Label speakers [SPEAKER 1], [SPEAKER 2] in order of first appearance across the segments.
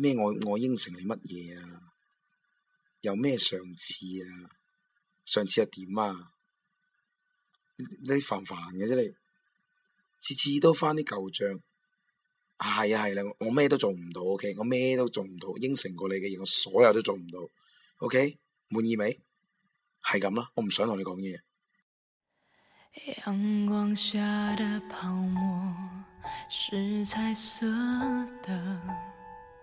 [SPEAKER 1] 咩我我應承你乜嘢啊？有咩上次啊？上次又點啊？你煩煩嘅啫，你次次都翻啲舊賬。係啊係啦、啊啊，我咩都做唔到，OK，我咩都做唔到，應承過你嘅嘢我所有都做唔到，O K，滿意未？係咁啦，我唔想同
[SPEAKER 2] 你講嘢。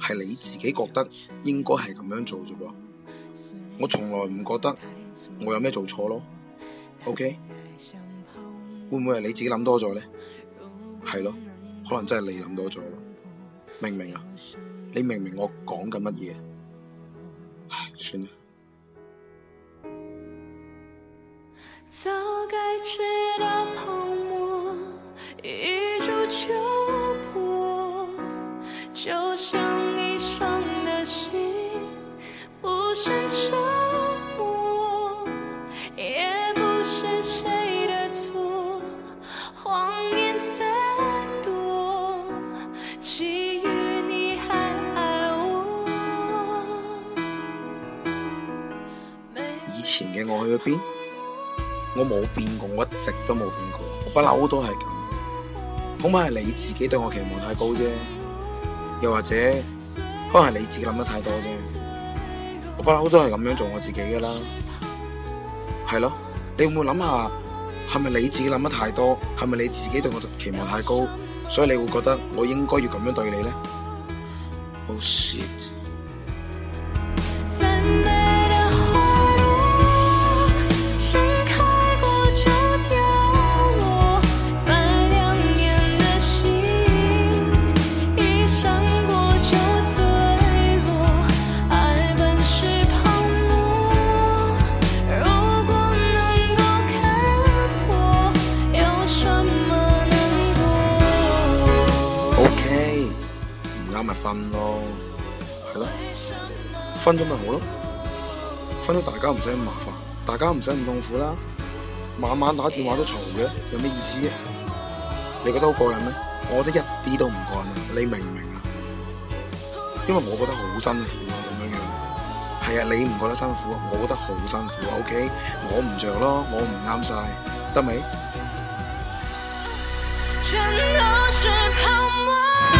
[SPEAKER 1] 係你自己覺得應該係咁樣做啫噃，我從來唔覺得我有咩做錯咯。OK，會唔會係你自己諗多咗呢？係咯，可能真係你諗多咗。明唔明啊？你明唔明我講緊乜嘢？唉，算啦。 以前嘅我去咗邊？我冇變過，我一直都冇變過，我是這樣，我不嬲都係咁。恐怕係你自己對我期望太高啫，又或者可能係你自己諗得太多啫。我不嬲都係咁樣做我自己噶啦，係咯？你會唔會諗下，係咪你自己諗得太多？係咪你自己對我期望太高？所以你會覺得我應該要咁樣對你咧？好、oh、shit。分咗咪好咯，分咗大家唔使咁麻煩，大家唔使咁痛苦啦。晚晚打電話都嘈嘅，有咩意思啊？你覺得好過癮咩？我覺得一啲都唔過癮啊，你明唔明啊？因為我覺得好辛苦啊，咁樣樣。係啊，你唔覺得辛苦啊？我覺得好辛苦啊，OK？我唔着咯，我唔啱曬，得未？
[SPEAKER 3] 全都是泡沫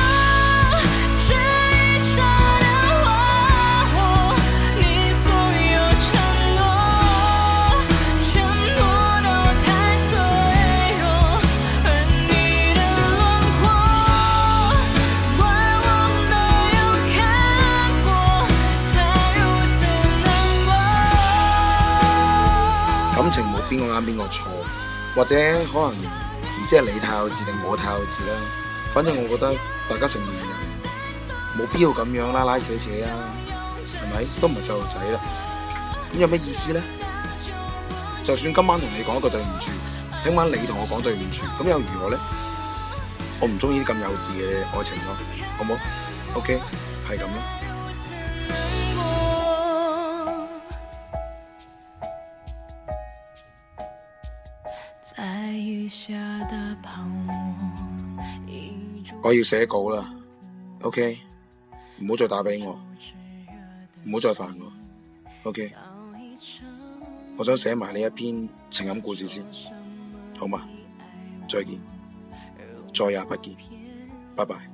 [SPEAKER 1] 邊個啱，邊個錯，或者可能唔知係你太幼稚定我太幼稚啦。反正我覺得大家成年人冇必要咁樣拉拉扯扯，啊，係咪？都唔係細路仔啦，咁有咩意思呢？就算今晚同你講一個對唔住，聽晚你同我講對唔住，咁又如何呢？我唔中意啲咁幼稚嘅愛情咯，好唔好？OK，係咁啦。我要寫稿啦，OK，唔好再打俾我，唔好再煩我，OK，我想寫埋呢一篇情感故事先，好嘛？再見，再也不見，拜拜。